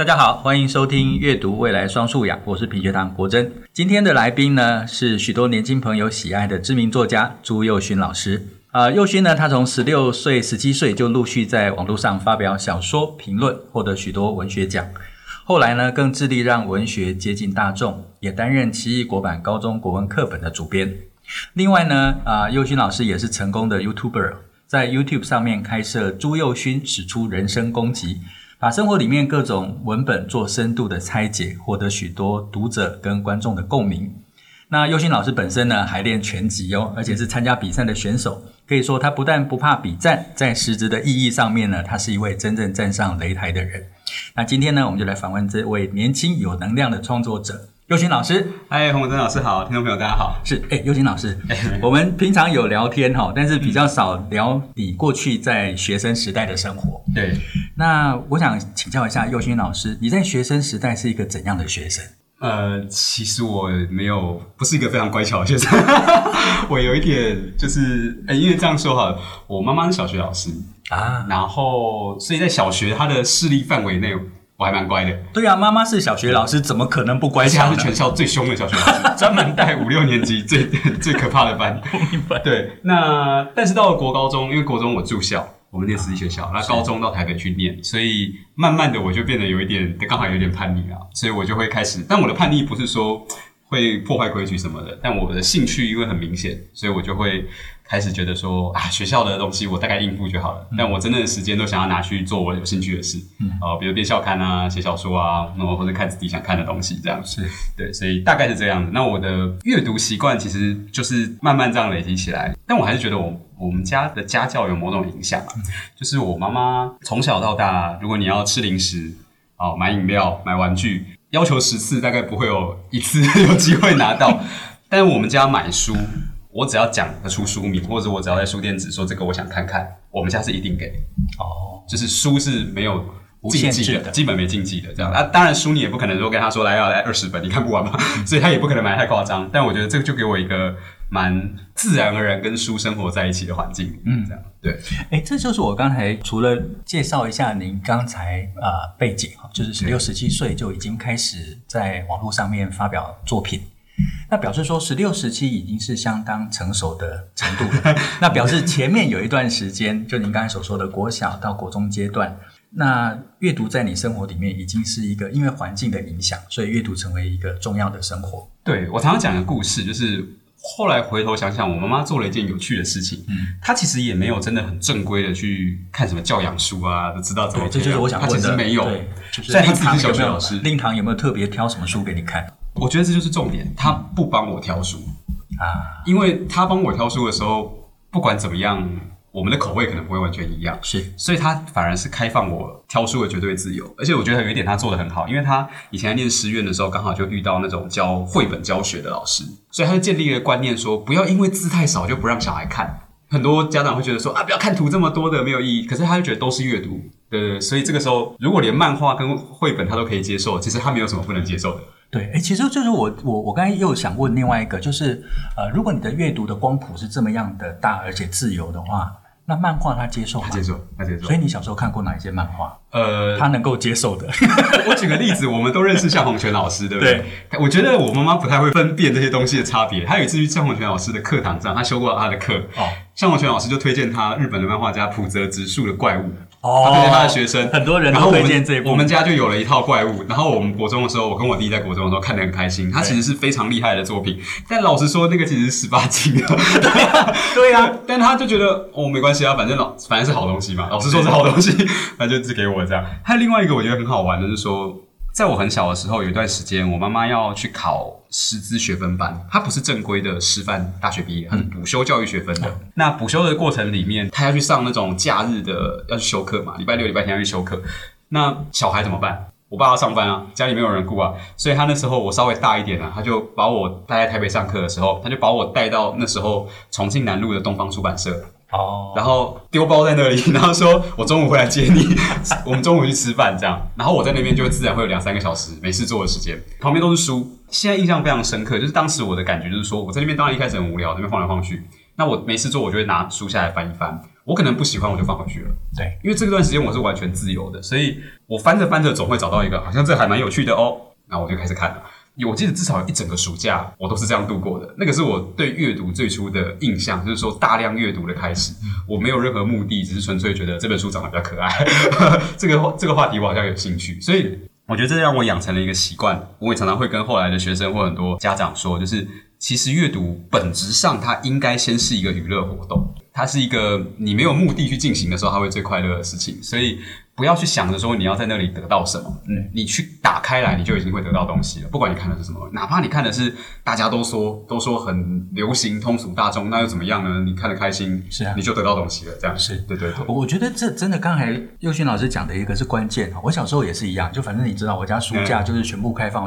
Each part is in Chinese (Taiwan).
大家好，歡迎收聽《閱讀未來雙素養》，我是品學堂國珍。今天的來賓呢，是許多年輕朋友喜愛的知名作家朱宥勳老師。啊、呃，宥勳呢，他從十六歲、十七歲就陸續在網絡上發表小說、評論，獲得許多文學獎。後來呢，更致力讓文學接近大眾，也擔任奇異果版高中國文課本的主編。另外呢，啊、呃，宥勳老師也是成功的 YouTuber，在 YouTube 上面開設“朱宥勳使出人生攻擊”。把生活裡面各種文本做深度的拆解，獲得許多讀者跟觀眾的共鳴。那宥勳老師本身呢，還練拳擊哦，而且是參加比賽的選手，可以說他不但不怕筆戰，在實質的意義上面呢，他是一位真正站上擂台的人。那今天呢，我們就來訪問這位年輕有能量的創作者。宥勳老師，嗨，黃國珍老師好，聽眾朋友大家好，是，哎、欸，宥勳老師， 我們平常有聊天哈，但是比較少聊你過去在學生時代的生活。對、嗯，那我想請教一下宥勳老師，你在學生時代是一個怎樣的學生？呃，其實我沒有，不是一個非常乖巧的學生， 我有一點就是，哎、欸，因為這樣說哈，我媽媽是小學老師啊，然後所以在小學他的勢力範圍內。我還蠻乖的，對啊，媽媽是小學老師，嗯、怎麼可能不乖呢？而且他是全校最凶的小學老師，專 門帶五六年級最 最可怕的班。對，那但是到了國高中，因為國中我住校，嗯、我們念私立學校，啊、那高中到台北去念，是所以慢慢的我就變得有一點，剛好有點叛逆啊，所以我就會開始，但我的叛逆不是說。會破壞規矩什麼的，但我的興趣因為很明顯，所以我就會開始覺得說啊，學校的東西我大概應付就好了。嗯，但我真的時間都想要拿去做我有興趣的事，嗯，呃，比如編校刊啊、寫小說啊，然後或者看自己想看的東西這樣子。是，對，所以大概是這樣的，那我的閱讀習慣其實就是慢慢這樣累積起來，但我還是覺得我我們家的家教有某種影響，啊，就是我媽媽從小到大，如果你要吃零食，哦，買飲料、買玩具。要求十次大概不會有一次 有機會拿到，但我們家買書，我只要講得出書名，或者我只要在書店只說這個我想看看，我們家是一定給。哦，就是書是沒有禁忌的，的基本沒禁忌的這樣啊。當然書你也不可能說跟他說來要、啊、來二十本，你看不完嘛？所以他也不可能買太誇張。但我覺得這個就給我一個。蠻自然而然跟書生活在一起的環境，嗯，這樣，對。誒、欸、這就是我剛才除了介紹一下您剛才啊、呃、背景，就是十六十七歲就已經開始在網絡上面發表作品，嗯、那表示說十六十七已經是相當成熟的程度了。嗯、那表示前面有一段時間， 就您剛才所說的國小到國中階段，那閱讀在你生活裡面已經是一個因為環境的影響，所以閱讀成為一個重要的生活。對，我常常講的故事就是，後來回頭想想，我媽媽做了一件有趣的事情。嗯，她其實也沒有真的很正規的去看什麼教養書啊，都知道怎麼、啊？這就是我想，她其實沒有。在令堂有沒有特別挑什麼書給你看？我覺得這就是重點，她不幫我挑書啊，嗯、因為她幫我挑書的時候，不管怎麼樣。我們的口味可能不會完全一樣，是，所以他反而是開放我挑書的絕對自由，而且我覺得有一點他做得很好，因為他以前在念師院的時候，剛好就遇到那種教繪本教學的老師，所以他就建立了觀念，說不要因為字太少就不讓小孩看。很多家長會覺得說啊，不要看圖這麼多的沒有意義，可是他就覺得都是閱讀，對對對，所以這個時候如果連漫畫跟繪本他都可以接受，其實他沒有什麼不能接受的。對，哎，其實就是我，我，我剛才又想問另外一個，就是，呃，如果你的閱讀的光譜是這麼樣的大，而且自由的話，那漫畫它接，接受嗎，它接受，它接受。所以你小時候看過哪一些漫畫？呃，他能夠接受的。 我舉個例子，我們都認識向宏全老師，對不對？對。我覺得我媽媽不太會分辨這些東西的差別。她有一次去向宏全老師的課堂上，她修過了他的課。哦。向宏全老師就推薦他日本的漫畫家浦澤直樹的《怪物》。哦。他推薦他的學生。很多人都推薦這一部。我們家就有了一套《怪物》。然後我們國中的時候，我跟我弟在國中的時候看得很開心。他其實是非常厲害的作品。對但老實說，那個其實是十八禁的。對呀、啊。對啊、 但他就覺得哦，沒關係啊，反正老反正是好東西嘛。老師說是好東西，他就寄給我。這樣，還有另外一個我覺得很好玩的，是說，在我很小的時候，有一段時間，我媽媽要去考師資學分班，她不是正規的師範大學畢業，很補修教育學分的。那補修的過程裡面，她要去上那種假日的，要去修課嘛，禮拜六、禮拜天要去修課。那小孩怎麼辦？我爸要上班啊，家裡沒有人顧啊，所以她那時候我稍微大一點啊，她就把我帶在台北上課的時候，她就把我帶到那時候重慶南路的東方出版社。哦，oh. 然後丟包在那裡，然後說我中午會來接你， 我們中午去吃飯這樣，然後我在那邊就自然會有兩三個小時沒事做的時間，旁邊都是書，現在印象非常深刻，就是當時我的感覺就是說，我在那邊當然一開始很無聊，在那邊晃來晃去，那我沒事做，我就會拿書下來翻一翻，我可能不喜歡我就放回去了，對，因為這段時間我是完全自由的，所以我翻着翻着總會找到一個好像這還蠻有趣的哦，那我就開始看了。我記得至少一整個暑假，我都是這樣度過的。那個是我對閱讀最初的印象，就是說大量閱讀的開始。我沒有任何目的，只是純粹覺得這本書長得比較可愛。呵呵，這個這個話題我好像有興趣，所以我覺得這讓我養成了一個習慣。我也常常會跟後來的學生或很多家長說，就是其實閱讀本質上它應該先是一個娛樂活動，它是一個你沒有目的去進行的時候，它會最快樂的事情。所以。不要去想着說你要在那裡得到什麼，嗯對，你去打開來，你就已經會得到東西了。嗯、不管你看的是什麼，哪怕你看的是大家都說都說很流行、通俗大眾，那又怎麼樣呢？你看的開心，是啊，你就得到東西了。這樣是對對對，我覺得這真的，剛才宥勳老師講的一個是關鍵，我小時候也是一樣，就反正你知道，我家書架就是全部開放，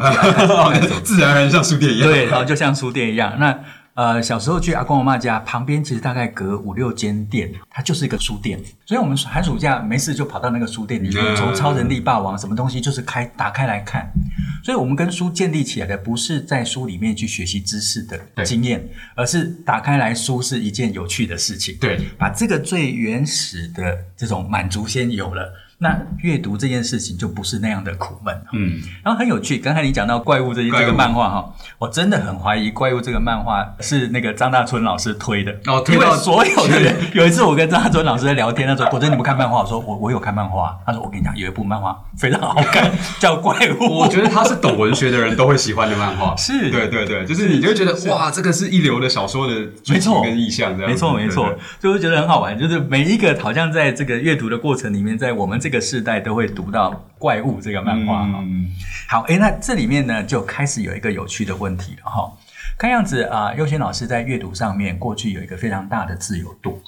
自然而然像書店一樣，對，然後就像書店一樣， 那。呃，小時候去阿公阿嬤家旁邊，其實大概隔五六間店，它就是一個書店。所以，我們寒暑假沒事就跑到那個書店裡面，那從《超人力霸王》什麼東西，就是開，打開來看。所以，我們跟書建立起來的，不是在書裡面去學習知識的經驗，對而是打開來書是一件有趣的事情。對，把這個最原始的這種滿足先有了。那閱讀這件事情就不是那樣的苦悶，嗯，然後很有趣。剛才你講到怪物這這個漫畫哈，我真的很懷疑怪物這個漫畫是那個張大春老師推的，推到所有的人。有一次我跟張大春老師在聊天的時候，他說果真你不看漫畫，我說我我有看漫畫，他說我跟你講，有一部漫畫非常好看，叫怪物。我覺得他是懂文學的人都會喜歡的漫畫，是，對對對，就是你就覺得哇，這個是一流的小說的沒錯跟意象，沒錯沒錯，就會覺得很好玩，就是每一個好像在這個閱讀的過程裡面，在我們這。這個世代都會讀到怪物這個漫畫哈，嗯、好誒，那這裡面呢就開始有一個有趣的問題了哈。看樣子啊，呃、宥勳老師在閱讀上面過去有一個非常大的自由度，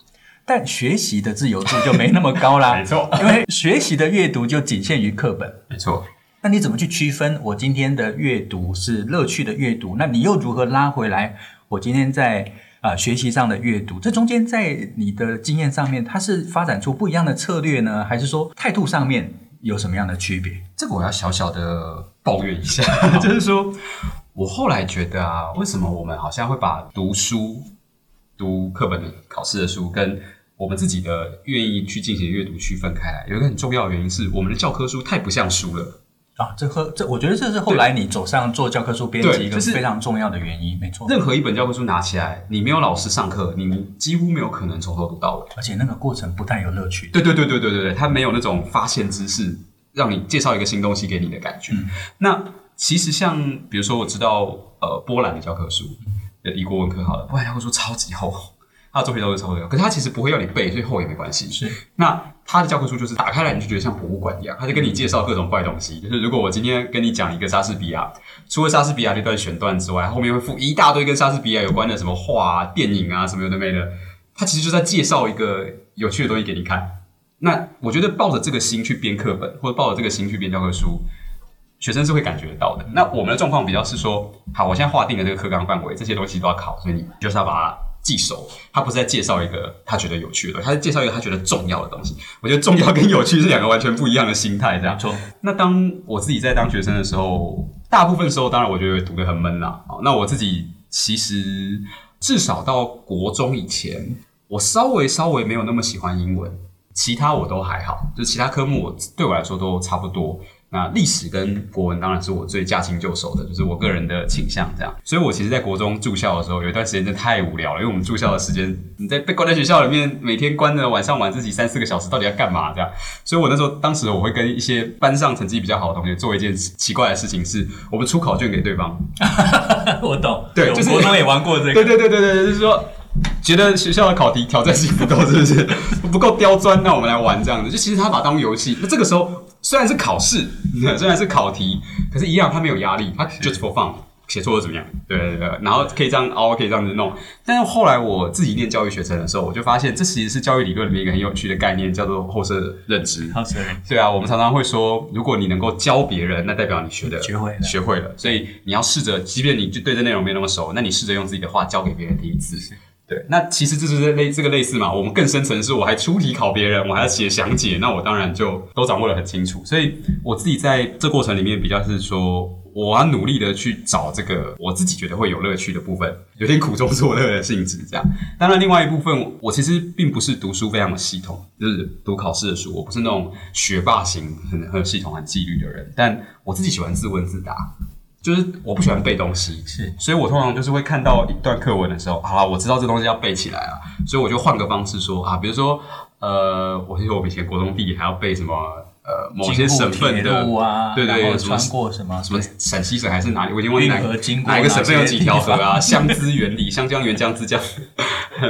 但學習的自由度就沒那麼高啦。 沒錯，因為學習的閱讀就僅限於課本。沒錯，那你怎麼去區分我今天的閱讀是樂趣的閱讀？那你又如何拉回來我今天在，啊，學習上的閱讀，這中間在你的經驗上面，它是發展出不一樣的策略呢，還是說態度上面有什麼樣的區別？這個我要小小的抱怨一下， 就是說，我後來覺得啊，為什，為什麼我們好像會把讀書、讀課本、考試的書，跟我們自己的願意去進行閱讀區分開來？有一個很重要的原因是，我們的教科書太不像書了。啊，這和這，我覺得這是後來你走上做教科書編輯一個對非常重要的原因，就是、沒錯錯。任何一本教科書拿起來，你沒有老師上課，你幾乎沒有可能從頭讀到尾。而且那個過程不太有樂趣。對對對對對對對，它沒有那種發現知識，讓你介紹一個新東西給你的感覺。嗯、那其實像比如說，我知道呃波蘭的教科書，呃、嗯，以國文科好了，波蘭教科書超級厚，它的作品都是超級厚，可是它其實不會要你背，所以厚也沒關係。是。那。他的教科書就是打開來，你就覺得像博物館一樣，他就跟你介紹各種怪東西。就是如果我今天跟你講一個莎士比亞，除了莎士比亞那段選段之外，後面會附一大堆跟莎士比亞有關的什麼畫啊、電影啊什麼有的沒的，他其實就在介紹一個有趣的東西給你看。那我覺得抱着這個心去編課本，或者抱着這個心去編教科書，學生是會感覺到的。那我們的狀況比較是說，好，我現在劃定了這個課綱範圍，這些東西都要考，所以你就是要把。記熟，他不是在介紹一個他覺得有趣的，他是介紹一個他覺得重要的東西。我覺得重要跟有趣是兩個完全不一樣的心態，這樣說。那當我自己在當學生的時候，大部分時候，當然我覺得讀得很悶啦、啊。那我自己其實至少到國中以前，我稍微稍微沒有那麼喜歡英文，其他我都還好，就其他科目我對我來說都差不多。那歷史跟國文當然是我最駕輕就熟的，就是我個人的傾向這樣。所以我其實，在國中住校的時候，有一段時間真的太無聊了，因為我們住校的時間，你在被關在學校裡面，每天關着，晚上晚自習三四個小時，到底要幹嘛這樣？所以我那時候，當時我會跟一些班上成績比較好的同學做一件奇怪的事情是，是我們出考卷給對方。 我懂，對，有就是我們國中也玩過這個。對對對對，對就是說覺得學校的考題挑戰性不夠，是不是 不夠刁鑽？那我們來玩這樣子，就其實他把當遊戲。那這個時候。雖然是考試，嗯，雖然是考題，可是一樣，他沒有壓力，他 just for fun，寫錯又怎麼樣？對對對，然後可以這樣，哦對，all, 可以這樣子弄。但是後來我自己念教育學程的時候，我就發現，這其實是教育理論裡面一個很有趣的概念，叫做後設認知。後設對啊，我們常常會說，如果你能夠教別人，那代表你學的學會了，學會了，所以你要試着，即便你就對這內容沒那麼熟，那你試着用自己的話教給別人聽一次。對，那其實這就是類這個類似嘛。我們更深層的是，我還出題考別人，我還要寫詳解，那我當然就都掌握得很清楚。所以我自己在這過程裡面比較是說，我要努力的去找這個我自己覺得會有樂趣的部分，有點苦中作樂的性質這樣。當然，另外一部分我其實並不是讀書非常的系統，就是讀考試的書，我不是那種學霸型，很很有系統、很紀律的人，但我自己喜歡自問自答。嗯就是我不喜歡背東西，是，所以我通常就是會看到一段課文的時候，啊，我知道這東西要背起來了，所以我就換個方式說啊，比如說，呃，我記得我以前國中地理還要背什麼，呃，某些省份的，過啊、對，對對，穿過什麼什麼陝對西省還是哪裡，我已經忘了哪個，哪哪個省份有幾條河啊，湘資沅澧，湘江沅江資江，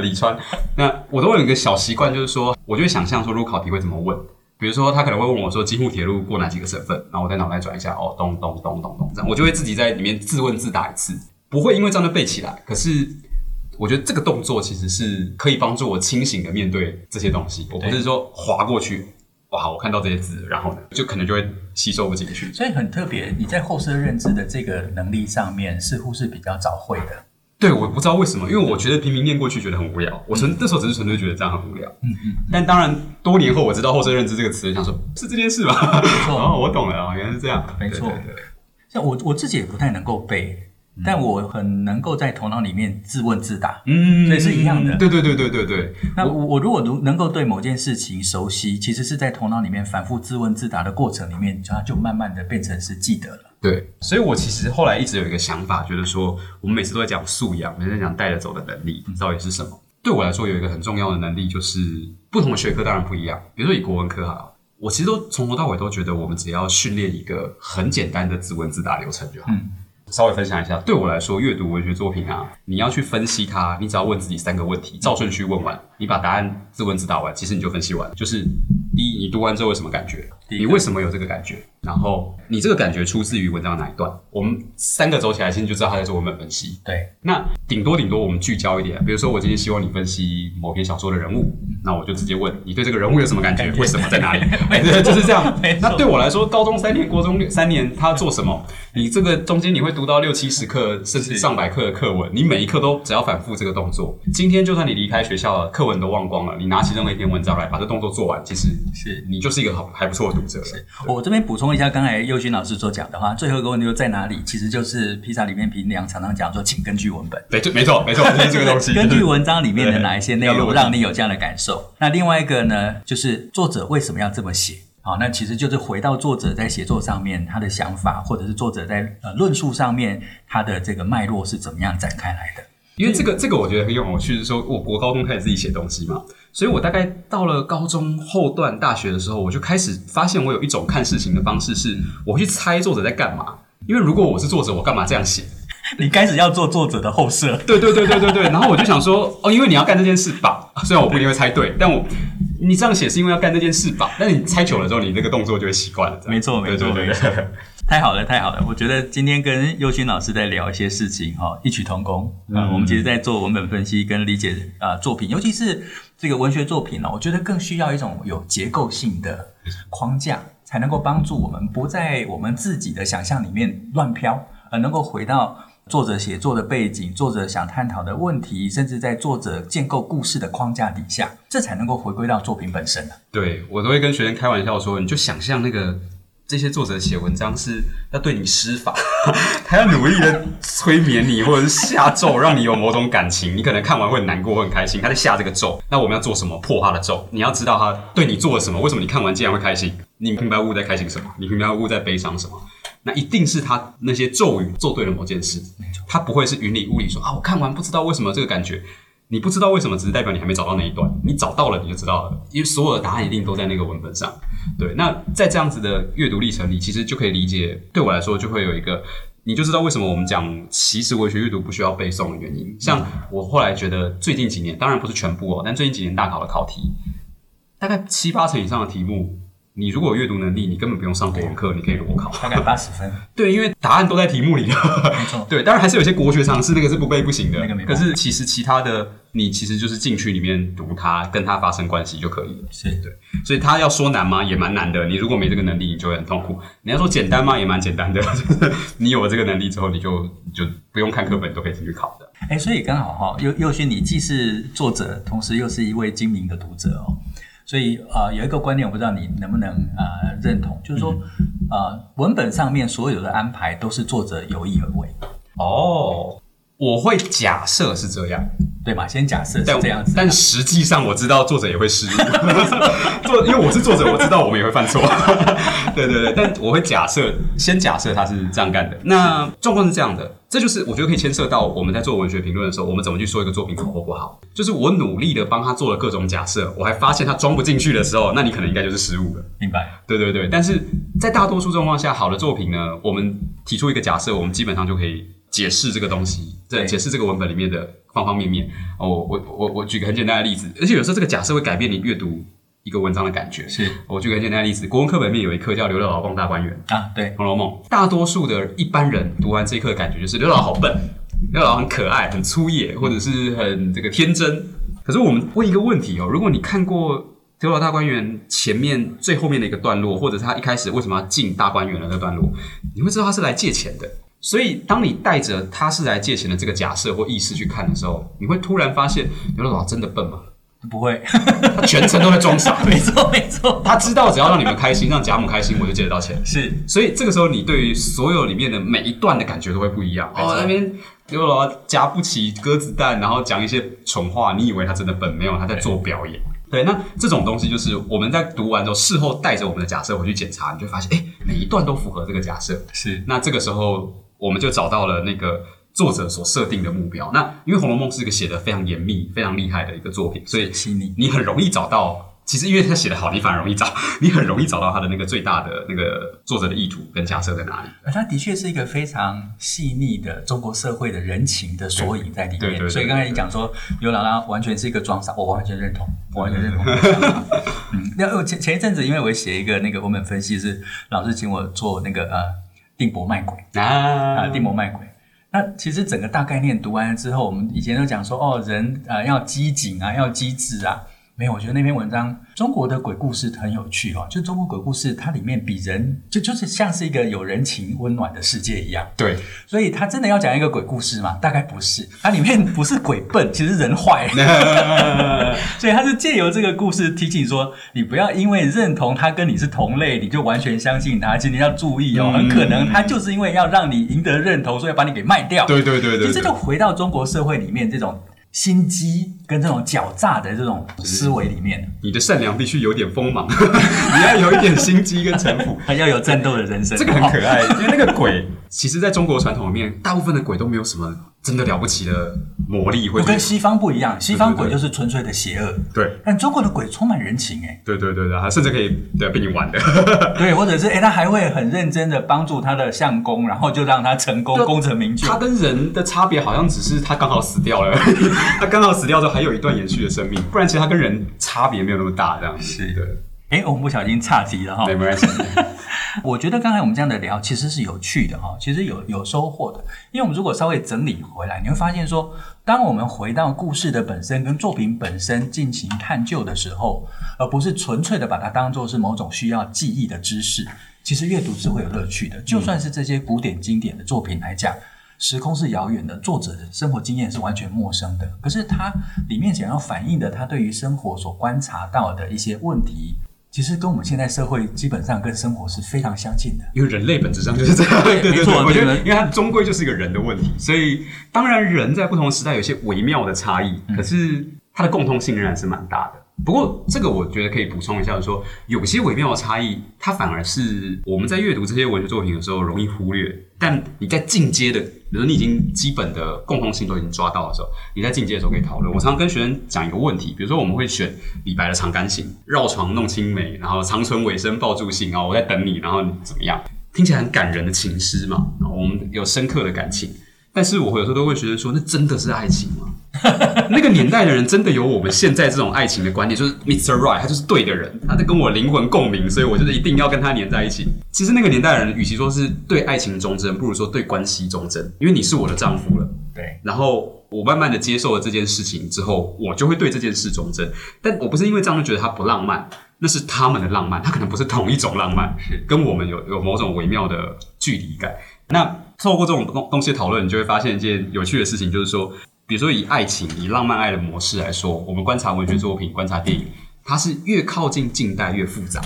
李川，那我都有一個小習慣，就是說，我就會想象說，如果考題會怎麼問。比如說，他可能會問我說：“京滬鐵路過哪幾個省份？”然後我在腦袋轉一下，哦，咚咚咚咚咚，這樣，我就會自己在裡面自問自答一次，不會因為這樣就背起來。可是，我覺得這個動作其實是可以幫助我清醒的面對這些東西。我不是說劃過去，哇，我看到這些字，然後呢，就可能就會吸收不進去。所以很特別，你在後設認知的這個能力上面，似乎是比較早會的。對，我不知道為什麼，因為我覺得平平念過去覺得很無聊。嗯、我純，那時候只是純粹覺得這樣很無聊。嗯嗯。但當然，多年後我知道“後生認知」這個詞，嗯、想說是這件事吧。沒錯。哦，我懂了，哦，原來是這樣，沒錯。對，對，對。像我我自己也不太能夠背。但我很能夠在頭腦裡面自問自答，嗯，所以是一樣的，對、嗯、對對對對對。那我我如果能能夠對某件事情熟悉，其實是在頭腦裡面反覆自問自答的過程裡面，就它就慢慢的變成是記得了。對，所以我其實後來一直有一個想法，覺得說我們每次都在講素養，每次在講帶着走的能力你，嗯、到底是什麼？對我來說，有一個很重要的能力就是不同的學科當然不一樣，比如說以國文科哈，我其實都從頭到尾都覺得我們只要訓練一個很簡單的自問自答流程就好。嗯稍微分享一下，對我來說，閱讀文學作品啊，你要去分析它，你只要問自己三個問題，照順序問完，你把答案自問自答完，其實你就分析完。就是第一，你讀完之後有什麼感覺？你為什麼有這個感覺？然後你這個感覺出自於文章的哪一段？我們三個走起來，其實就知道他在做文本分析。對，那頂多頂多我們聚焦一點，比如說我今天希望你分析某篇小說的人物，那我就直接問，你對這個人物有什麼感覺？為什麼？在哪裡？哎，就是這樣。那對我來說，高中三年，國中三年，他做什麼？你這個中間你會讀到六七十課，甚至上百課的課文，你每一課都只要反覆這個動作。今天就算你離開學校了，課文都忘光了，你拿起任何一篇文章來，把這動作做完，其實是你就是一個好還不錯的讀者。對。我這邊補充。等一下剛才宥勳老師所講的話，最後一個問題又在哪裡？其實就是 PISA 裡面評量，常常講說，請根據文本，對，沒錯，沒錯，就是、這個東西。 根據文章裡面的哪一些內容，對讓你有這樣的感受？那另外一個呢，就是作者為什麼要這麼寫？好、哦，那其實就是回到作者在寫作上面他的想法，或者是作者在呃論述上面他的這個脈絡是怎麼樣展開來的。因為這個，這個我覺得很有趣。是說，我國高中開始自己寫東西嘛，所以我大概到了高中後段、大學的時候，我就開始發現，我有一種看事情的方式是，是我去猜作者在幹嘛。因為如果我是作者，我幹嘛這樣寫？你開始要做作者的後設了。對對對對對對。然後我就想說， 哦，因為你要幹這件事吧。雖然我不一定會猜對，但我你這樣寫是因為要幹這件事吧？但你猜久了之後，你那個動作就會習慣了。沒錯，沒錯，沒錯。 太好了，太好了！我覺得今天跟宥勳老師在聊一些事情，哈，異曲同工。嗯，嗯、啊，我們其實，在做文本分析跟理解啊作品，尤其是這個文學作品呢，我覺得更需要一種有結構性的框架，才能夠幫助我們不在我們自己的想象裡面亂飄，而能夠回到作者寫作的背景，作者想探討的問題，甚至在作者建構故事的框架底下，這才能夠回歸到作品本身了。對，我都會跟學生開玩笑說，你就想象那個。這些作者寫文章是要對你施法， 他要努力的催眠你， 或者是下咒讓你有某種感情。你可能看完會很難過，會很開心。他在下這個咒，那我們要做什麼？破他的咒。你要知道他對你做了什麼。為什麼你看完竟然會開心？你平白無故在開心什麼？你平白無故在悲傷什麼？那一定是他那些咒語做對了某件事。他不會是雲裡霧裡說啊，我看完不知道為什麼這個感覺。你不知道為什麼，只是代表你還沒找到那一段。你找到了，你就知道了，因為所有的答案一定都在那個文本上。對，那在這樣子的閱讀歷程裡，其實就可以理解。對我來說，就會有一個，你就知道為什麼我們講其實文學閱讀不需要背誦的原因。像我後來覺得，最近幾年，當然不是全部哦，但最近幾年大考的考題，大概七八成以上的題目。你如果有閱讀能力，你根本不用上國文課，對你可以裸考，大概八十分。 對，因為答案都在題目裡了。 沒錯對，當然還是有些國學常識，那個是不背不行的。那個沒有。可是其實其他的，你其實就是進去裡面讀它，跟它發生關係就可以了。是，對。所以他要說難嗎？也蠻難的。你如果沒這個能力，你就會很痛苦。你要說簡單嗎？是也蠻簡單的。就是你有了這個能力之後，你就你就不用看課本，嗯、都可以進去考的。哎、欸，所以剛好哈、哦，宥、宥勳你既是作者，同時又是一位精明的讀者哦。所以，呃，有一個觀念，我不知道你能不能，呃，認同，就是說，嗯、呃，文本上面所有的安排都是作者有意而為的。哦。我會假設是這樣，對吧？先假設是這樣子，對但實際上我知道作者也會失誤。 因為我是作者，我知道我們也會犯錯。 對對對，但我會假設，先假設他是這樣幹的。那狀況是這樣的，這就是我覺得可以牽涉到我們在做文學評論的時候，我們怎麼去說一個作品好或不好。哦、就是我努力的幫他做了各種假設，我還發現他裝不進去的時候，那你可能應該就是失誤了。明白？對對對。但是在大多數狀況下，好的作品呢，我們提出一個假設，我們基本上就可以，解釋這個東西，對，對解釋這個文本裡面的方方面面。哦、我我我我舉個很簡單的例子，而且有時候這個假設會改變你閱讀一個文章的感覺。是、哦，我舉個很簡單的例子，國文課本裡面有一課叫《劉姥姥逛大觀園》啊，對，《紅樓夢》。大多數的一般人讀完這一課的感覺就是劉姥姥好笨，劉姥姥很可愛、很粗野，或者是很這個天真。可是我們問一個問題哦，如果你看過劉姥姥大觀園前面最後面的一個段落，或者是他一開始為什麼要進大觀園的那段落，你會知道他是來借錢的。所以，當你帶着他是來借錢的這個假設或意識去看的時候，你會突然發現劉姥姥真的笨嗎？不會， 他全程都在裝傻。 沒錯，沒錯，他知道只要讓你們開心，讓賈母開心，我就借得到錢。是，所以這個時候你對於所有裡面的每一段的感覺都會不一樣。哦是，在那邊劉姥姥夾不起鴿子蛋，然後講一些蠢話，你以為他真的笨？沒有，他在做表演。對，對，那這種東西就是我們在讀完之後，事後帶着我們的假設回去檢查，你就發現，哎、欸，每一段都符合這個假設。是，那這個時候。我們就找到了那個作者所設定的目標。那因為《紅樓夢》是一個寫的非常嚴密、非常厲害的一個作品，所以你你很容易找到。其實因為他寫的好，你反而容易找，你很容易找到他的那個最大的那個作者的意圖跟假設在哪裡。而它的確是一個非常細膩的中國社會的人情的縮影在裡面。對對對對，所以剛才你講說劉姥姥完全是一個裝傻，哦，我完全認同，我完全認同。嗯，那我前前一陣子因為我寫一個那個文本分析是，是老師請我做那個呃定伯賣鬼啊，啊定伯賣鬼，那其實整個大概念讀完了之後，我們以前都講說，哦，人啊，呃，要機警啊，要機智啊。沒有，我覺得那篇文章中國的鬼故事很有趣哦。就中國鬼故事，它裡面比人就就是像是一個有人情溫暖的世界一樣。對，所以他真的要講一個鬼故事嗎？大概不是，它裡面不是鬼笨， 其實人壞。 所以他是借由這個故事提醒說，你不要因為認同他跟你是同類，你就完全相信他。今天要注意哦，嗯、很可能他就是因為要讓你贏得認同，所以要把你給賣掉。對對，對對對對，其實就回到中國社會裡面這種。心機跟這種狡詐的這種思維裡面，你的善良必須有點鋒芒， 你要有一點心機跟城府， 還要有戰鬥的人生。這個很可愛， 因為那個鬼， 其實在中國傳統裡面，大部分的鬼都沒有什麼。真的了不起的魔力會，會跟西方不一樣。西方鬼就是純粹的邪惡，對,對,對,對。但中國的鬼充滿人情、欸，哎。對對對,對他甚至可以對被你玩的。 對，或者是哎、欸，他還會很認真的幫助他的相公，然後就讓他成功，就功成名就。他跟人的差別好像只是他剛好死掉了， 他剛好死掉之後還有一段延續的生命，不然其實他跟人差別沒有那麼大，這樣是的。哎對、欸，我不小心岔題了哈。沒關係。 我覺得剛才我們這樣的聊，其實是有趣的哈，其實有有收穫的。因為我們如果稍微整理回來，你會發現說，當我們回到故事的本身跟作品本身進行探究的時候，而不是純粹的把它當做是某種需要記憶的知識，其實閱讀是會有樂趣的。嗯、就算是這些古典經典的作品來講，時空是遙遠的，作者的生活經驗是完全陌生的，可是它裡面想要反映的，他對於生活所觀察到的一些問題。其實跟我們現在社會基本上跟生活是非常相近的，因為人類本質上就是這樣。對對，我覺得，因為它終歸就是一個人的問題，所以當然人在不同時代有些微妙的差異，可是它的共通性仍然是蠻大的。不過，這個我覺得可以補充一下就是，就說有些微妙的差異，它反而是我們在閱讀這些文學作品的時候容易忽略。但你在進階的，比如你已經基本的共通性都已經抓到的時候，你在進階的時候可以討論。我常常跟學生講一個問題，比如說我們會選李白的《長干行》，繞床弄青梅，然後常存尾生抱柱信啊，然後我在等你，然後怎麼樣？聽起來很感人的情詩嘛，然後我們有深刻的感情。但是我有時候都會跟學生說，那真的是愛情嗎？ 那個年代的人真的有我們現在這種愛情的觀點，就是 Mr. Right，他就是對的人，他在跟我靈魂共鳴，所以我覺得一定要跟他黏在一起。其實那個年代的人，與其說是對愛情忠貞，不如說對關係忠貞，因為你是我的丈夫了。對，然後我慢慢的接受了這件事情之後，我就會對這件事忠貞。但我不是因為這樣就覺得他不浪漫，那是他們的浪漫，他可能不是同一種浪漫，跟我們有有某種微妙的距離感。那透過這種東東西的討論，你就會發現一件有趣的事情，就是說。比如說，以愛情、以浪漫愛的模式來說，我們觀察文學作品、觀察電影，它是越靠近近代越複雜。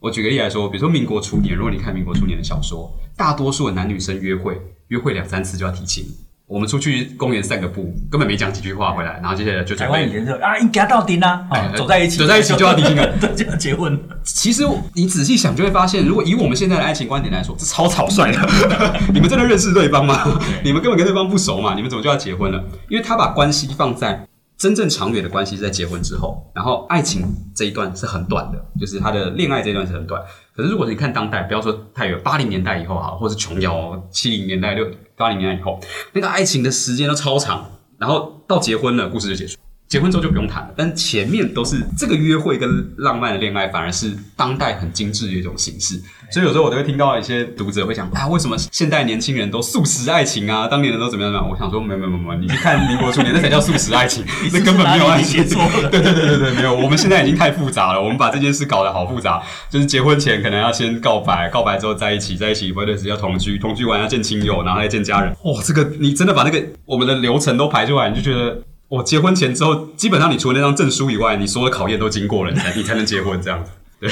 我舉個例來說，比如說民國初年，如果你看民國初年的小說，大多數的男女生約會，約會兩三次就要提親。我們出去公園散個步，根本沒講幾句話，回來然後接下來就台灣以前就啊應該到底啦，欸、走在一起，走在一起就要訂婚，就要結婚。 結婚其實你仔細想就會發現，如果以我們現在的愛情觀點來說，是 超草率的。 你們真的認識對方嗎？ 你們根本跟對方不熟嘛？你們怎麼就要結婚了？因為他把關係放在真正長遠的關係是在結婚之後，然後愛情這一段是很短的，就是他的戀愛這一段是很短。可是如果你看當代，不要說太遠，八零年代以後啊，或是瓊瑤七零年代六。八零年以後，那個愛情的時間都超長，然後到結婚了，故事就結束。結婚之後就不用談了，但前面都是這個約會跟浪漫的戀愛，反而是當代很精緻的一種形式。對所以有時候我都會聽到一些讀者會講：“啊，為什麼現代年輕人都素食愛情啊？當年人都怎麼樣怎麼樣？”我想說，沒有沒有沒有，你去看民國初年 那才叫素食愛情， 那根本沒有愛情。 對對對對對，沒有，我們現在已經太複雜了。 我們把這件事搞得好複雜，就是結婚前可能要先告白，告白之後在一起，在一起回來時要同居，同居完要見親友，然後再見家人。哇、哦，這個你真的把那個我們的流程都排出來，你就覺得。我、哦、結婚前之後，基本上你除了那張證書以外，你所有的考驗都經過了，你才你才能結婚這樣子。對，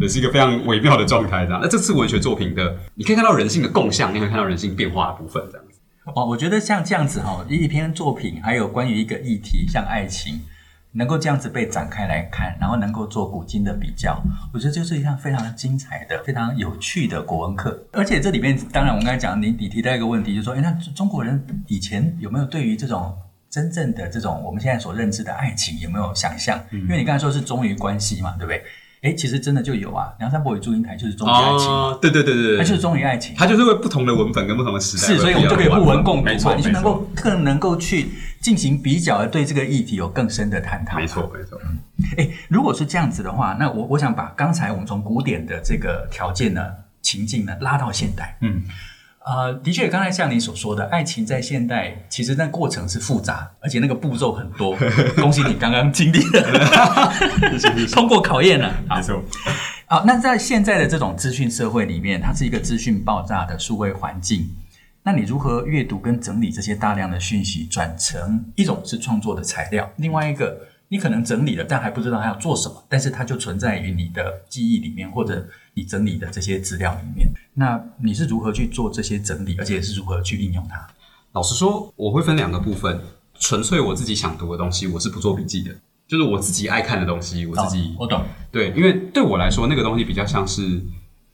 也 是一個非常微妙的狀態這樣。那這次文學作品的，你可以看到人性的共相，你可以看到人性變化的部分這樣子。哦，我覺得像這樣子哈、哦，一篇作品還有關於一個議題，像愛情，能夠這樣子被展開來看，然後能夠做古今的比較，我覺得就是一項非常精彩的、非常有趣的國文課。而且這裡面，當然我們剛才講，你你提到一個問題，就是說，哎、欸，那中國人以前有沒有對於這種？真正的這種我們現在所認知的愛情有沒有想象嗯、因為你剛才說是忠於關係嘛，對不對？哎、欸，其實真的就有啊，《梁山伯與祝英台》就是忠於愛情、哦，對對對對，它就是忠於愛情、嗯。它就是為不同的文本跟不同的時代，是，所以我們就可以互文共讀嘛，沒錯、你就能夠、沒錯、更能夠去進行比較，對這個議題有更深的探討。沒錯沒錯，嗯、欸，如果是這樣子的話，那我我想把剛才我們從古典的這個條件呢、情境呢拉到現代，嗯。啊，uh, 的確，剛才像你所說的，愛情在現代其實那過程是複雜，而且那個步驟很多。 恭喜你剛剛經歷了， 通過考驗了。好。沒錯。啊，那在現在的這種資訊社會裡面，它是一個資訊爆炸的數位環境。那你如何閱讀跟整理這些大量的訊息，轉成一種是創作的材料？另外一個，你可能整理了，但還不知道他要做什麼，但是它就存在於你的記憶裡面，或者你整理的這些資料裡面。那你是如何去做這些整理，而且是如何去應用它？老實說，我會分兩個部分：純粹我自己想讀的東西，我是不做筆記的；就是我自己愛看的東西，我自己、哦、我懂。對，因為對我來說，那個東西比較像是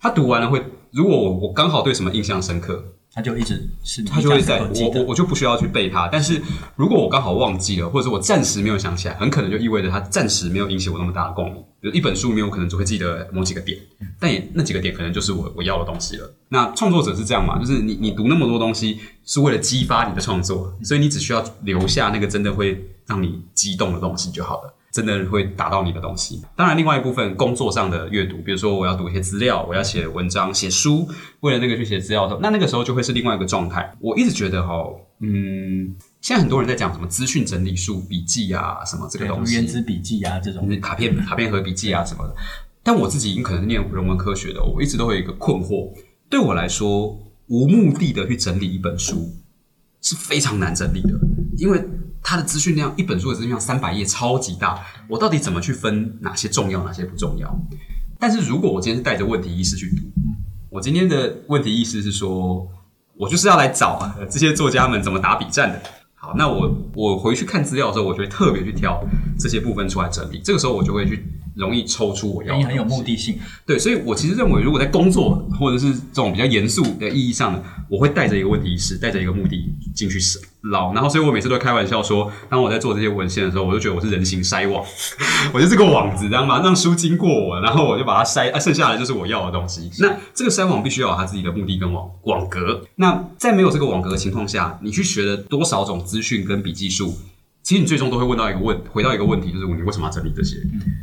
他讀完了會，如果我剛好對什麼印象深刻。他就一直是他就會，在我我就不需要去背它。但是如果我剛好忘記了，或者是我暫時沒有想起來，很可能就意味着它暫時沒有引起我那麼大的共鳴。就是，一本書，沒有可能只會記得某幾個點，但也那幾個點可能就是我我要的東西了。那創作者是這樣嘛？就是你你讀那麼多東西是為了激發你的創作，所以你只需要留下那個真的會讓你激動的東西就好了。真的會打到你的東西。當然，另外一部分工作上的閱讀，比如說我要讀一些資料，我要寫文章、寫書，為了那個去寫資料的時候，那那個時候就會是另外一個狀態。我一直覺得哈、哦，嗯，現在很多人在講什麼資訊整理術、筆記啊什麼這個東西，原子筆記啊這種，嗯、卡片卡片盒筆記啊什麼的。 但我自己因為可能是念人文，文科學的，我一直都會有一個困惑。對我來說，無目的的去整理一本書是非常難整理的，因為。他的資訊量，一本書的資訊量三百頁，超級大。我到底怎麼去分哪些重要，哪些不重要？但是如果我今天是帶着問題意識去讀，我今天的問題意識是說，我就是要來找這些作家們怎麼打筆戰的。好，那我我回去看資料的時候，我就會特別去挑這些部分出來整理。這個時候，我就會去。容易抽出我要的，很有目的性。對，所以我其實認為，如果在工作或者是這種比較嚴肅的意義上，我會帶着一個問題意識，帶著一個目的進去篩撈。然後，所以我每次都開玩笑說，當我在做這些文獻的時候，我就覺得我是人形篩網，我就是個網子，知道嗎？讓書經過我，然後我就把它篩，啊，剩下來就是我要的東西。那這個篩網必須要有它自己的目的跟網網格。那在沒有這個網格的情況下，你去學了多少種資訊跟筆記術？其實你最終都會問到一個問，回到一個問題，就是你為什麼要整理這些？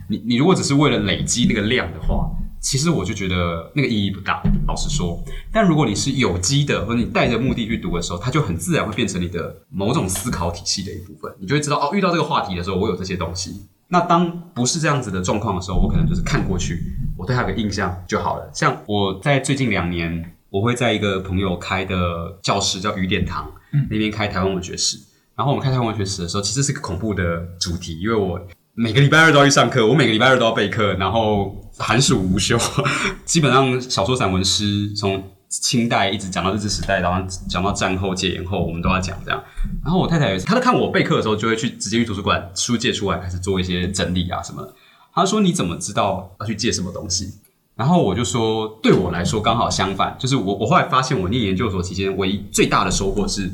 你你如果只是為了累積那個量的話，其實我就覺得那個意義不大，老實說。但如果你是有機的，或者你帶着目的去讀的時候，它就很自然會變成你的某種思考體系的一部分。你就會知道，哦，遇到這個話題的時候，我有這些東西。那當不是這樣子的狀況的時候，我可能就是看過去，我對它有個印象就好了。像我在最近兩年，我會在一個朋友開的教室叫雨點堂，那邊開台灣文學史。然後我們看台灣文學史的時候，其實是個恐怖的主題，因為我每個禮拜二都要去上課，我每個禮拜二都要備課，然後寒暑無休。 基本上小說、散文、詩，從清代一直講到日治時代，然後講到戰後、戒嚴後，我們都要講這樣。然後我太太也是，她在看我備課的時候，就會去直接去圖書館書借出來，開始做一些整理啊什麼的。她說：“你怎麼知道要去借什麼東西？”然後我就說：“對我來說剛好相反，就是我我後來發現，我念研究所期間，唯一最大的收穫是。”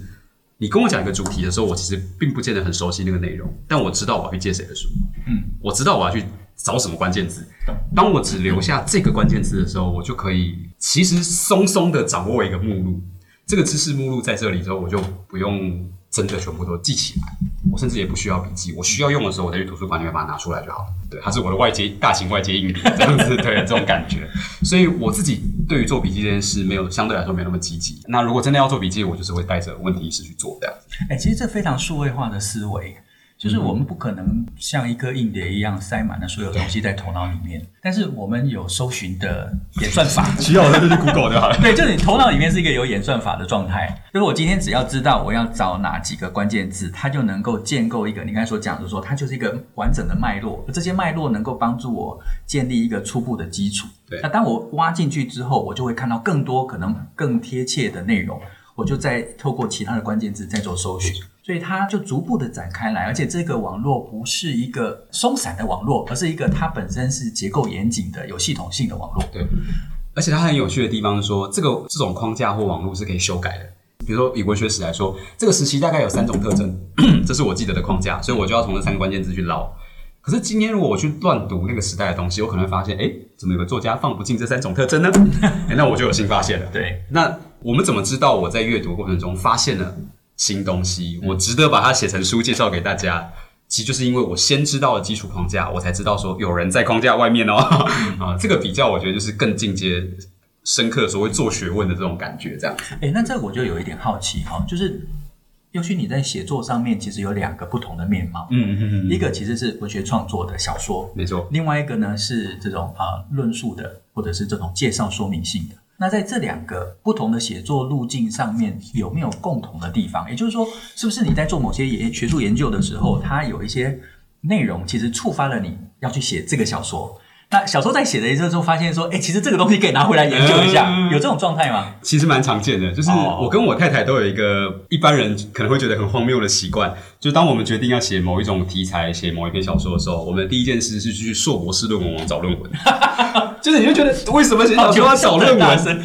你跟我講一個主題的時候，我其實並不見得很熟悉那個內容，但我知道我要去借誰的書，嗯，我知道我要去找什麼關鍵字。當我只留下這個關鍵字的時候，嗯、我就可以其實鬆鬆的掌握一個目錄。這個知識目錄在這裡之後，我就不用真的全部都記起來，我甚至也不需要筆記。我需要用的時候，我再去圖書館裡面把它拿出來就好了。對，它是我的外接大型外接英語，這樣子，對、啊，這種感覺。所以我自己。對於做筆記這件事，沒有，相對來說沒有那麼積極。那如果真的要做筆記，我就是會帶着問題意識去做這樣，哎、欸，其實這非常數位化的思維。就是我們不可能像一個硬碟一樣塞滿了所有東西在頭腦裡面，對但是我們有搜尋的演算法，只要 的就是 Google 就好了， 對，就是你頭腦裡面是一個有演算法的狀態，就是我今天只要知道我要找哪幾個關鍵字，它就能夠建構一個你剛才所講的說它就是一個完整的脈絡，而這些脈絡能夠幫助我建立一個初步的基礎。對那當我挖進去之後，我就會看到更多可能更貼切的內容。我就再透過其他的關鍵字再做搜尋，所以它就逐步的展開來，而且這個網絡不是一個鬆散的網絡，而是一個它本身是結構嚴謹的、有系統性的網絡。對，而且它很有趣的地方是說，這個這種框架或網絡是可以修改的。比如說以文學史來說，這個時期大概有三種特徵，這是我記得的框架，所以我就要從這三個關鍵字去撈。可是今天如果我去亂讀那個時代的東西，我可能會發現，哎、欸，怎麼有個作家放不進這三種特徵呢？ 那我就有新發現了。對，那。我們怎麼知道我在閱讀過程中發現了新東西？嗯、我值得把它寫成書介紹給大家，其實就是因為我先知道了基礎框架，我才知道說有人在框架外面哦。啊、嗯嗯，這個比較我覺得就是更進階、深刻，所謂做學問的這種感覺。這樣，誒、欸、那這我就有一點好奇哈，就是宥勳你在寫作上面其實有兩個不同的面貌。嗯嗯嗯，嗯嗯一個其實是文學創作的小說，沒錯錯。另外一個呢是這種啊論述的，或者是這種介紹說明性的。那在這兩個不同的寫作路徑上面有沒有共同的地方？也就是說，是不是你在做某些學術研究的時候，它有一些內容其實觸發了你要去寫這個小說？那小說在寫的一陣之後發現說，誒、欸，其實這個東西可以拿回來研究一下，嗯、有這種狀態嗎？其實蠻常見的，就是我跟我太太都有一個一般人可能會覺得很荒謬的習慣。就當我們決定要寫某一種題材，寫某一篇小說的時候，我們的第一件事是去碩博士論文網找論文。論文 就是你會覺得為什麼寫小說要找論文？啊、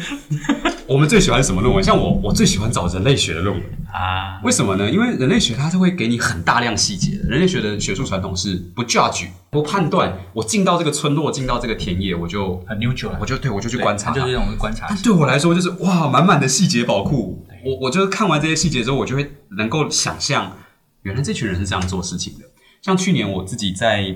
我們最喜歡什麼論文？像我，我最喜歡找人類學的論文啊。為什麼呢？ 因為人類學它是會給你很大量細節的。人類學的學術傳統是不 judge、不判斷。我進到這個村落，進到這個田野，我就很 neutral，我就對，我就去觀察，對，就是這種觀察。對我來說，就是哇，滿滿的細節寶庫。我我，就是看完這些細節之後，我就會能夠想象。原來這群人是這樣做事情的。像去年我自己在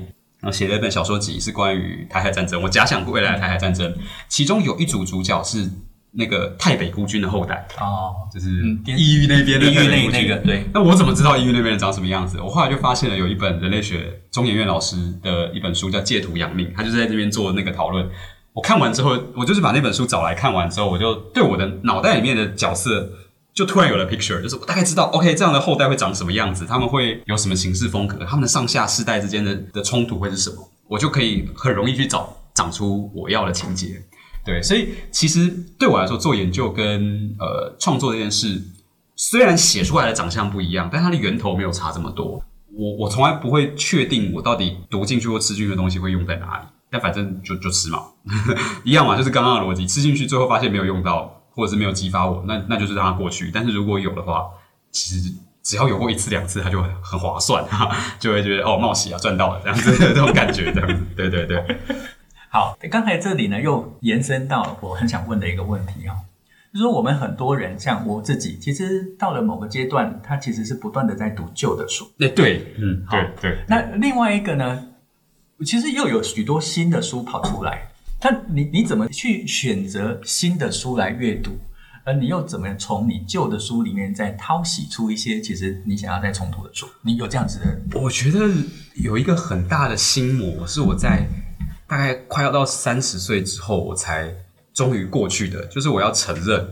寫了一本小說集，是關於台海戰爭。我假想過未來的台海戰爭，其中有一組主角是那個泰北孤軍的後代哦，就是、嗯、異域那邊的異域那邊、那個、那、那個。對，那我怎麼知道異域那邊長什麼樣子？我後來就發現了有一本人類學中研院老師的一本書叫《借土養命》，他就在那邊做那個討論。我看完之後，我就是把那本書找來看完之後，我就對我的腦袋裡面的角色，就突然有了 picture，就是我大概知道，OK，這樣的後代會長什麼樣子，他們會有什麼行事風格，他們的上下世代之間的的衝突會是什麼，我就可以很容易去找長出我要的情節。對，所以其實對我來說，做研究跟呃創作這件事，雖然寫出來的長相不一樣，但它的源頭沒有差這麼多。我我從來不會確定我到底讀進去或吃進去的東西會用在哪裡，但反正就就吃嘛， 一樣嘛，就是剛剛的邏輯，吃進去最後發現沒有用到，或者是沒有激發我，那那就是讓它過去。但是如果有的話，其實只要有過一次兩次，它就很，很划算，哈，就會覺得哦，冒險啊，賺到了，這樣子，這種感覺， 這樣子，對對對。好，剛才這裡呢，又延伸到了我很想問的一個問題啊，就是說我們很多人，像我自己，其實到了某個階段，他其實是不斷的在讀舊的書。那、欸、對，嗯，好對對，對。那另外一個呢，其實又有許多新的書跑出來。那你你怎麼去選擇新的書來閱讀，而你又怎麼從你舊的書裡面再淘洗出一些其實你想要再重讀的書？你有這樣子的人？我覺得有一個很大的心魔是，我在大概快要到三十歲之後，我才終於過去的，就是我要承認，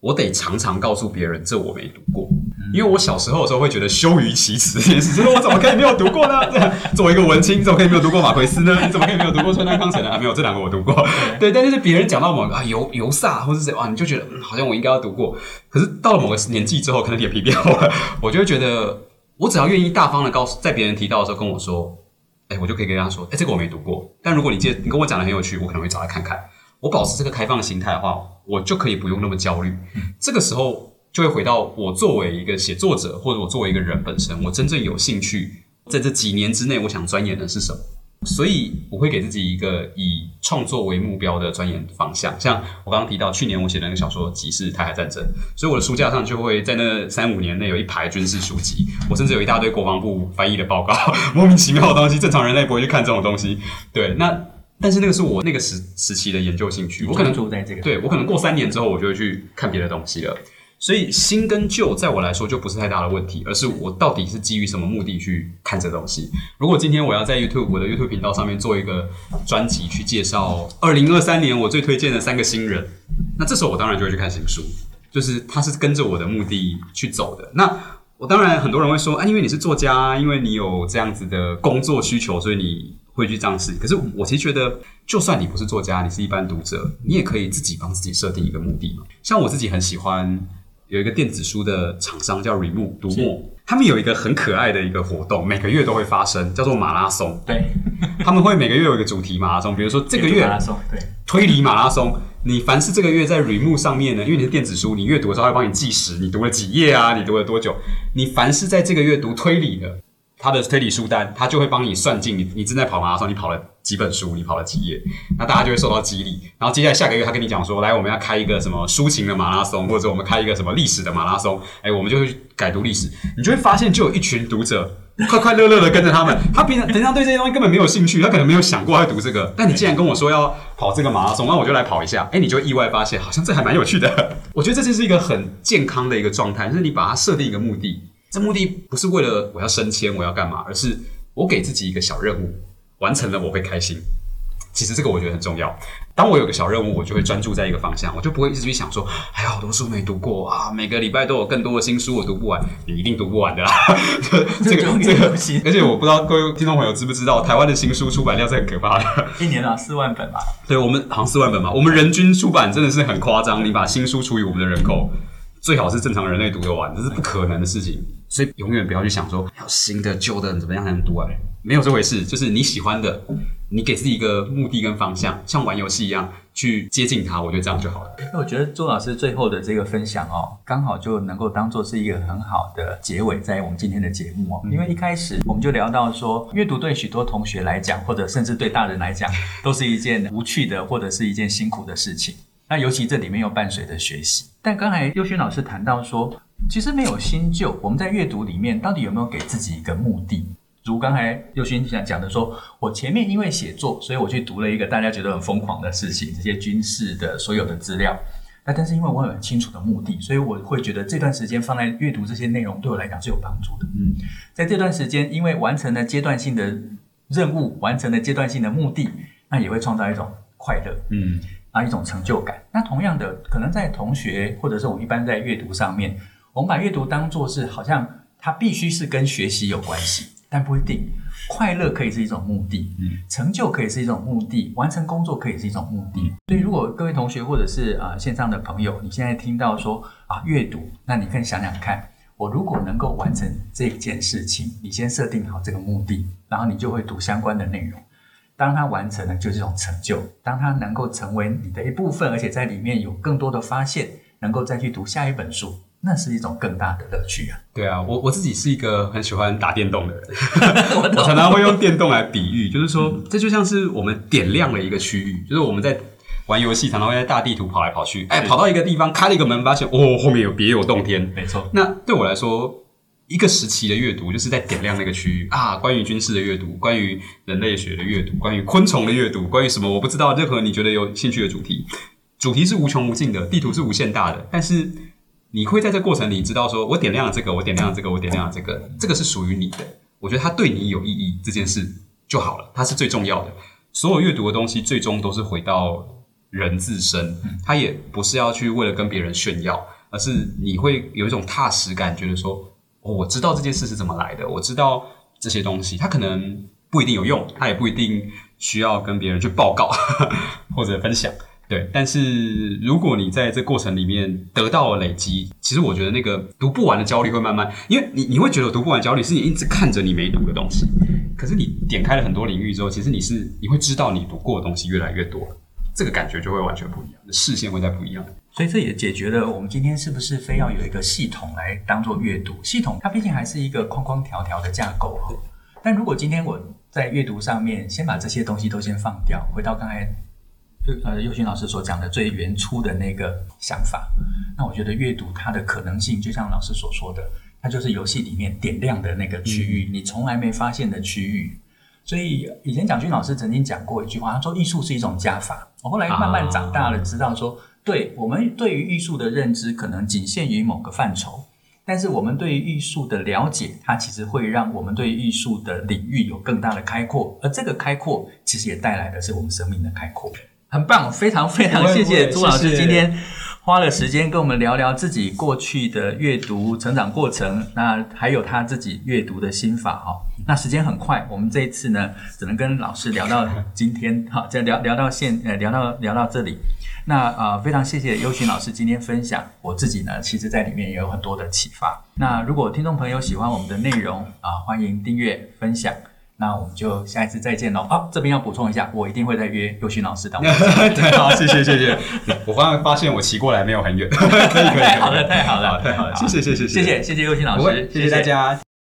我得常常告訴別人，這我沒讀過。嗯、因為我小時候的時候會覺得羞於啟齒這件事，說我怎麼可以沒有讀過呢？ 作為一個文青，你怎麼可以沒有讀過馬奎斯呢？你怎麼可以沒有讀過川端康成呢？啊，沒有這兩個我讀過。對，對，但是別人講到某個啊尤尤薩或者誰啊，你就覺得、嗯、好像我應該要讀過。可是到了某個年紀之後，可能臉皮變厚了，我就會覺得我只要願意大方的告訴，在別人提到的時候跟我說，哎、欸，我就可以跟他說，哎、欸，這個我沒讀過。但如果你接你跟我講得很有趣，我可能會找來看看。我保持這個開放的心態的話，我就可以不用那麼焦慮。嗯、這個時候。就會回到我作為一個寫作者，或者我作為一個人本身，我真正有興趣在這幾年之內，我想鑽研的是什麼？所以我會給自己一個以創作為目標的鑽研方向。像我剛剛提到，去年我寫了個小說集，是台海戰爭，所以我的書架上就會在那三五年內有一排軍事書籍，我甚至有一大堆國防部翻譯的報告，莫名其妙的東西，正常人類不會去看這種東西。對，那但是那個是我那個時時期的研究興趣，我可能住在這個，對，我可能過三年之後，我就會去看別的東西了。所以新跟舊，在我來說就不是太大的問題，而是我到底是基於什麼目的去看這東西。如果今天我要在 YouTube，我的 YouTube 頻道上面做一個專輯，去介紹二零二三年我最推薦的三個新人，那這時候我當然就會去看新書，就是他是跟着我的目的去走的。那我當然很多人會說，啊，因為你是作家，因為你有這樣子的工作需求，所以你會去這樣子。可是我其實覺得，就算你不是作家，你是一般讀者，你也可以自己幫自己設定一個目的嘛。像我自己很喜歡。有一個電子書的廠商叫 Readmoo 讀墨，是他們有一個很可愛的一個活動，每個月都會發生，叫做馬拉松。對，他們會每個月有一個主題馬拉松，比如說這個月，馬拉松，對，推理馬拉松。你凡是這個月在 Readmoo 上面呢，因為你是電子書，你閱讀的時候會幫你計時，你讀了幾頁啊，你讀了多久？你凡是在這個月讀推理的，他的推理書單，他就會幫你算進你，你正在跑馬拉松，你跑了幾本書，你跑了幾頁，那大家就會受到激勵。然後接下來下個月，他跟你講說，來，我們要開一個什麼抒情的馬拉松，或者我們開一個什麼歷史的馬拉松。哎、欸，我們就會去改讀歷史，你就會發現，就有一群讀者快快樂樂的跟着他們。他平常平常對這些東西根本沒有興趣，他可能沒有想過要讀這個。但你既然跟我說要跑這個馬拉松，那我就來跑一下。哎、欸，你就意外發現，好像這還蠻有趣的。我覺得這就是一個很健康的一個狀態，就是你把它設定一個目的，這目的不是為了我要升遷，我要幹嘛，而是我給自己一個小任務，完成了我會開心。其實這個我覺得很重要。當我有個小任務，我就會專注在一個方向，我就不會一直去想說還有、哎、好多書沒讀過啊，每個禮拜都有更多的新書我讀不完，你一定讀不完的啦。 這個這個，而且我不知道各位聽眾朋友知不知道，台灣的新書出版量是很可怕的，一年啊四萬本吧、啊。對，我們好像四萬本吧。我們人均出版真的是很誇張。嗯、你把新書除以我們的人口，最好是正常人類讀得完，這是不可能的事情。所以永遠不要去想說要新的、舊的怎麼樣才能讀完，啊，沒有這回事。就是你喜歡的，你給自己一個目的跟方向，像玩遊戲一樣去接近它，我覺得這樣就好了。那我覺得朱老師最後的這個分享哦，剛好就能夠當做是一個很好的結尾，在我們今天的節目哦。嗯、因為一開始我們就聊到說，閱讀對許多同學來講，或者甚至對大人來講，都是一件無趣的或者是一件辛苦的事情。那尤其這裡面又伴隨着學習。但剛才宥勳老師談到說，其實沒有新舊，我們在閱讀裡面到底有沒有給自己一個目的？如剛才宥勳講講的說，說我前面因為寫作，所以我去讀了一個大家覺得很瘋狂的事情，這些軍事的所有的資料。那但是因為我有很清楚的目的，所以我會覺得這段時間放在閱讀這些內容，對我來講是有幫助的。嗯，在這段時間，因為完成了階段性的任務，完成了階段性的目的，那也會創造一種快樂，嗯，啊一種成就感。那同樣的，可能在同學或者是我們一般在閱讀上面。我們把閱讀當做是好像它必須是跟學習有關係，但不一定。快樂可以是一種目的，嗯，成就可以是一種目的，完成工作可以是一種目的。嗯、所以，如果各位同學或者是呃線上的朋友，你現在聽到說啊閱讀，那你可以想想看，我如果能夠完成這件事情，你先設定好這個目的，然後你就會讀相關的內容。當它完成了，就是一種成就；當它能夠成為你的一部分，而且在裡面有更多的發現，能夠再去讀下一本書。那是一種更大的樂趣啊！對啊，我我自己是一個很喜歡打電動的人， 我常常會用電動來比喻，就是說、 嗯、這就像是我們點亮了一個區域，嗯、就是我們在玩遊戲，常常會在大地圖跑來跑去，哎的、欸，跑到一個地方開了一個門，發現哦，後面有別有洞天。沒錯錯，那對我來說，一個時期的閱讀就是在點亮那個區域啊。關於軍事的閱讀，關於人類學的閱讀，關於昆蟲的閱讀，關於什麼我不知道任何你覺得有興趣的主題，主題是無窮無盡的，地圖是無限大的，但是。你會在這過程裡知道說，說我點亮了這個，我點亮了這個，我點亮了這個，這個是屬於你的。我覺得它對你有意義這件事就好了，它是最重要的。所有閱讀的東西最終都是回到人自身，它也不是要去為了跟別人炫耀，而是你會有一種踏實感，覺得說，哦，我知道這件事是怎麼來的，我知道這些東西。它可能不一定有用，它也不一定需要跟別人去報告或者分享。對，但是如果你在這過程裡面得到了累積，其實我覺得那個讀不完的焦慮會慢慢，因為你你會覺得讀不完焦慮是你一直看着你沒讀的東西，可是你點開了很多領域之後，其實你是你會知道你讀過的東西越來越多，這個感覺就會完全不一樣，視線會在不一樣。所以這也解決了我們今天是不是非要有一個系統來當做閱讀系統？它畢竟還是一個框框條條的架構哦，但如果今天我在閱讀上面先把這些東西都先放掉，回到剛才。就對呃，宥勳老師所講的最原初的那個想法，嗯、那我覺得閱讀它的可能性，就像老師所說的，它就是遊戲裡面點亮的那個區域，嗯、你從來沒發現的區域。所以以前蔣勳老師曾經講過一句話，他說藝術是一種加法。我後來慢慢長大了，啊、知道說，對我們對於藝術的認知可能僅限於某個範疇，但是我們對於藝術的了解，它其實會讓我們對藝術的領域有更大的開闊，而這個開闊其實也帶來的是我們生命的開闊。很棒，非常非常謝謝朱老師今天花了時間跟我們聊聊自己過去的閱讀成長過程，那還有他自己閱讀的心法哈。那時間很快，我們這一次呢只能跟老師聊到今天哈，再聊聊到現呃聊到聊到這裡。那呃非常謝謝宥勳老師今天分享，我自己呢其實在裡面也有很多的啟發。那如果聽眾朋友喜歡我們的內容啊、呃，歡迎訂閱分享。那我們就下一次再見嘍！啊，這邊要補充一下，我一定會再約宥勳老師。對好，謝謝謝謝，我剛剛發現我騎過來沒有很遠，太好了太好了太好了，謝謝謝謝謝謝謝謝宥勳老師，謝謝大家。